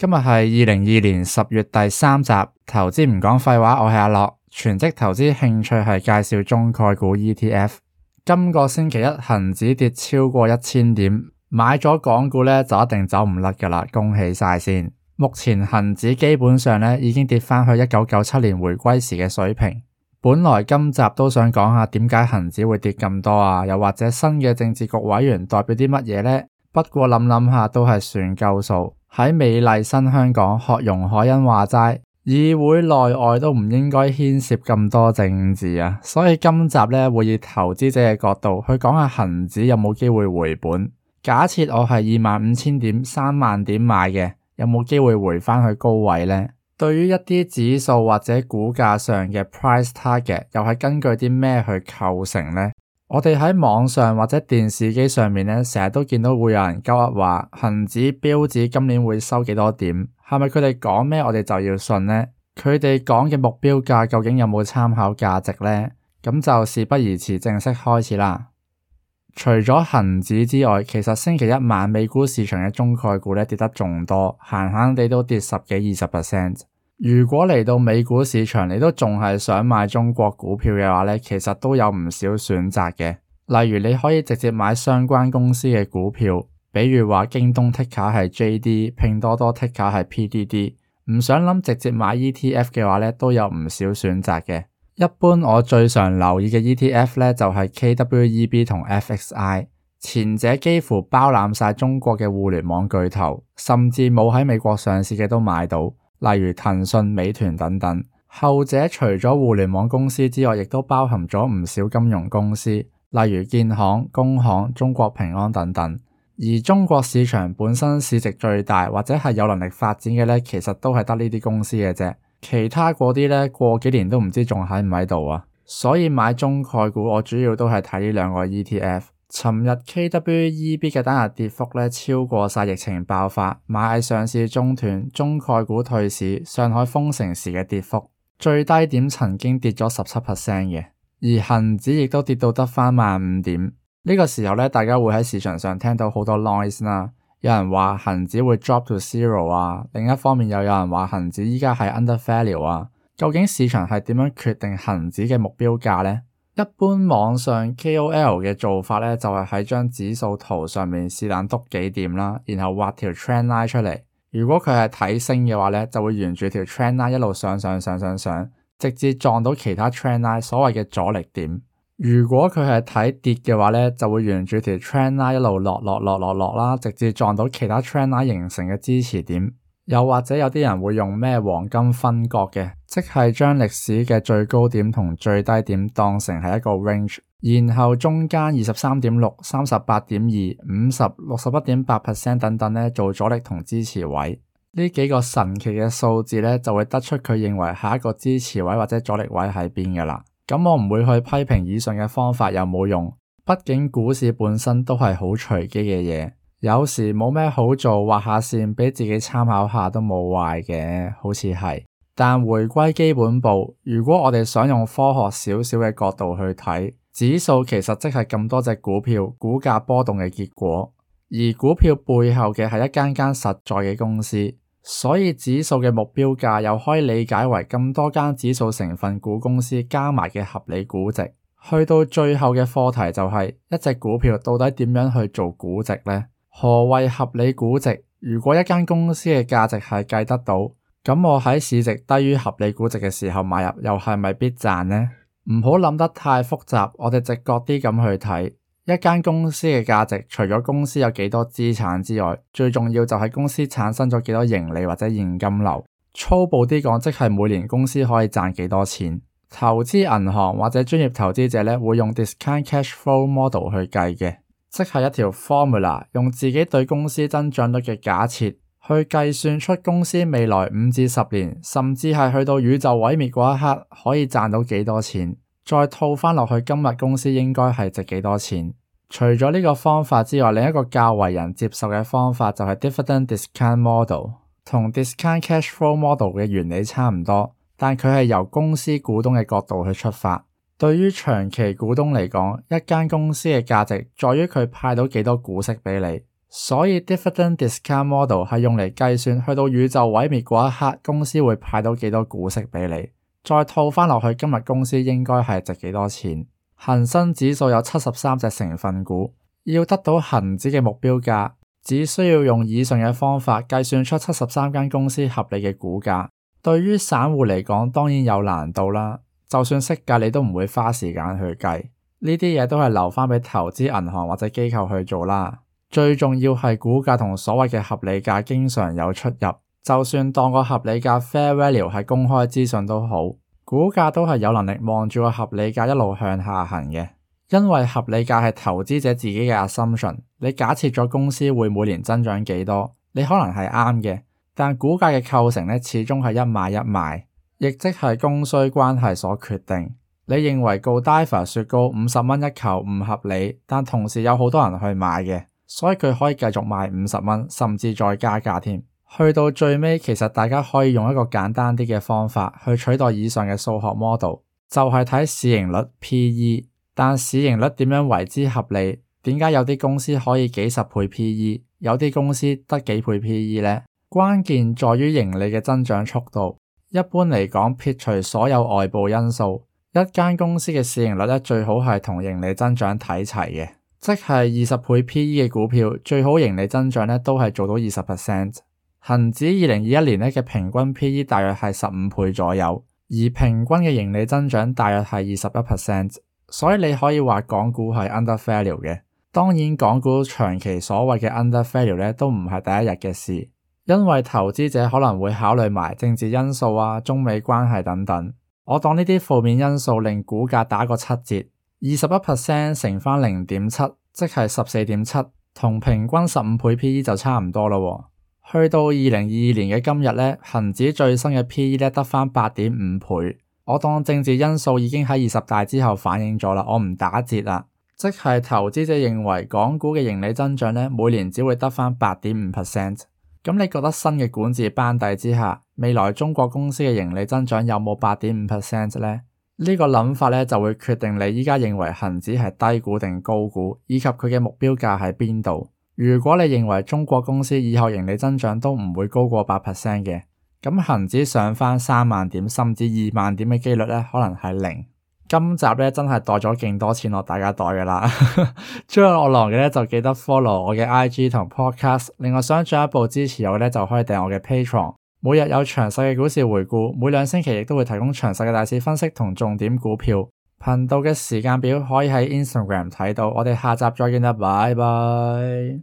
今日係二零二二年十月第三集，投資唔講廢話，我係阿樂，全職投資興趣係介紹中概股 ETF。今個星期一恒指跌超過一千點，買咗港股呢就一定走唔甩㗎喇，恭喜晒先。目前恒指基本上呢已經跌返去一九九七年回歸時嘅水平。本來今集都想講下點解恒指會跌咁多啊，又或者新嘅政治局委員代表啲乜嘢呢？不過諗諗下都係算夠數。喺美麗新香港，學容海恩話齋，議會內外都唔應該牽涉咁多政治啊。所以今集咧會以投資者嘅角度去講下恒指有冇機會回本。假設我係二萬五千點、三萬點買嘅，有冇機會回返去高位呢？對於一啲指數或者股價上嘅 price target，又係根據啲咩去構成呢？我哋喺網上或者電視機上面呢，成日都見到會有人講，話恒指、標指今年會收幾多點，係咪佢哋講咩我哋就要信呢？佢哋講嘅目標價究竟有冇參考價值呢？咁就事不宜遲，正式開始啦。除咗恒指之外，其實星期一晚美股市場嘅中概股呢，跌得仲多，閒閒地都跌十幾二十 percent。如果嚟到美股市場，你都仲係想買中國股票嘅話咧，其實都有唔少選擇嘅。例如，你可以直接買相關公司嘅股票，比如話京東 ticker 係 J D，拼多多 ticker 係 P D D。唔想諗直接買 E T F 嘅話咧，都有唔少選擇嘅。一般我最常留意嘅 E T F 咧就係 K W E B 同 F X I，前者幾乎包攬晒中國嘅互聯網巨頭，甚至冇喺美國上市嘅都買到。例如騰訊、美團等等，後者除咗互聯網公司之外，亦都包含咗唔少金融公司，例如建行、工行、中國平安等等。而中國市場本身市值最大或者係有能力發展嘅咧，其實都係得呢啲公司嘅啫，其他嗰啲咧過幾年都唔知仲喺唔喺度啊。所以買中概股，我主要都係睇呢兩個 ETF。尋日 KWEB 嘅單日跌幅超過晒疫情爆發、螞蟻上市中斷、中概股退市、上海封城時嘅跌幅，最低點曾經跌咗十七 percent 嘅，而恒指亦都跌到得返萬五點。呢個時候大家會喺市場上聽到好多 noise 啦，有人話恒指會 drop to zero 啊，另一方面又有人話恒指依家係 under value 啊，究竟市場係點樣決定恒指嘅目標價呢？一般網上 KOL 嘅做法咧，就係喺張指數圖上面是但篤幾點啦，然後畫條 Trend Line 出嚟。如果佢係睇升嘅話咧，就會沿住條 Trend Line 一路上上上上上上，直接撞到其他 Trend Line 所謂嘅阻力點。如果佢係睇跌嘅話咧，就會沿住條 Trend Line 一路落落落落落啦，直接撞到其他 Trend Line 形成嘅支持點。又或者有啲人會用咩黃金分割嘅，即係將歷史嘅最高點同最低點當成係一個 range，然後中間二十三點六、三十八點二、五十、六十一點八 percent 等等呢，做阻力同支持位。呢幾個神奇嘅數字呢，就會得出佢認為下一個支持位或者阻力位喺邊嘅啦。咁我唔會去批評以上嘅方法有冇用，畢竟股市本身都係好隨機嘅嘢。有時冇咩好做，畫下線畀自己參考下都冇壞嘅，好似係。但回歸基本步，如果我哋想用科學少少嘅角度去睇，指數其實即係咁多隻股票股價波動嘅結果，而股票背後嘅係一間間實在嘅公司，所以指數嘅目標價又可以理解為咁多間指數成分股公司加埋嘅合理估值。去到最後嘅課題就係一隻股票到底點樣去做估值呢？」何為合理估值？如果一間公司嘅價值係計得到，咁我喺市值低於合理估值嘅時候買入，又係咪必賺呢？唔好諗得太複雜，我哋直覺啲咁去睇一間公司嘅價值，除咗公司有幾多資產之外，最重要就係公司產生咗幾多盈利或者現金流。粗暴啲講，即係每年公司可以賺幾多錢。投資銀行或者專業投資者咧，會用 discount cash flow model 去計嘅。即係一條 formula，用自己對公司增長率嘅假設，去計算出公司未來五至十年，甚至係去到宇宙毀滅嗰一刻，可以賺到幾多錢，再套翻落去今日公司應該係值幾多錢。除咗呢個方法之外，另一個較為人接受嘅方法就係 dividend discount model，同 discount cash flow model 嘅原理差唔多，但佢係由公司股東嘅角度去出發。對於長期股東嚟講，一間公司嘅價值在於佢派到幾多股息俾你，所以 Dividend Discount Model 係用嚟計算去到宇宙毀滅嗰一刻，公司會派到幾多股息俾你，再套翻落去今日公司應該係值幾多錢。恒生指數有七十三隻成分股，要得到恒指嘅目標價，只需要用以上嘅方法計算出七十三間公司合理嘅股價。對於散戶嚟講，當然有難度啦。就算識價，你都唔會花時間去計呢啲嘢，都係留返畀投資銀行或者機構去做啦。最重要係股價同所謂嘅合理價經常有出入。就算當個合理價 fair value 係公開資訊都好，股價都係有能力望住個合理價一路向下行嘅，因為合理價係投資者自己嘅 assumption。你假設咗公司會每年增長幾多，你可能係啱嘅，但股價嘅構成咧始終係一買一賣。亦即係供需關係所決定。你認為 Godiva 雪糕五十蚊一球唔合理，但同時有好多人去買嘅，所以佢可以繼續賣五十蚊，甚至再加價添。去到最尾，其實大家可以用一個簡單啲嘅方法去取代以上嘅數學 model，就係睇市盈率 PE。PE，但市盈率點樣為之合理？點解有啲公司可以幾十倍 PE，有啲公司得幾倍 PE 呢？關鍵在於盈利嘅增長速度。一般嚟講，撇除所有外部因素，一間公司嘅市盈率咧，最好係同盈利增長睇齊嘅，即係二十倍 P E 嘅股票最好盈利增長咧都係做到二十 percent。恆指二零二一年咧嘅平均 P E 大約係十五倍左右，而平均嘅盈利增長大約係二十一 percent，所以你可以話港股係 under value 嘅。當然，港股長期所謂嘅 under value 咧都唔係第一日嘅事。因為投資者可能會考慮埋政治因素啊、中美關係等等。我當呢啲負面因素令股價打個七折，二十一 percent 乘返零點七，7, 即係十四點七，同平均十五倍 PE 就差唔多啦喎。去到二零二二年嘅今日呢，恒指最新嘅 PE 得返八點五倍。我當政治因素已經喺二十大之後反映咗啦，我唔打折啦，即係投資者認為港股嘅盈利增長呢，每年只會得返八點五 percent。咁你覺得新嘅管治班底之下，未來中國公司嘅盈利增長有冇八點五 percent 啫？呢、呢個、法呢個諗法咧就會決定你依家認為恒指係低估定高估，以及佢嘅目標價喺邊度。如果你認為中國公司以後盈利增長都唔會高過八 percent 嘅，咁恒指上返三萬點甚至二萬點嘅幾率咧，可能係零。今集咧真係袋咗勁多錢落大家袋噶啦， 追我浪嘅咧就記得 follow 我嘅 IG 同 podcast，另外想進一步支持我咧就可以訂我嘅 Patreon，每日有詳細嘅股市回顧，每兩星期亦都會提供詳細嘅大市分析同重點股票，頻道嘅時間表可以喺 Instagram 睇到，我哋下集再見啦，拜拜。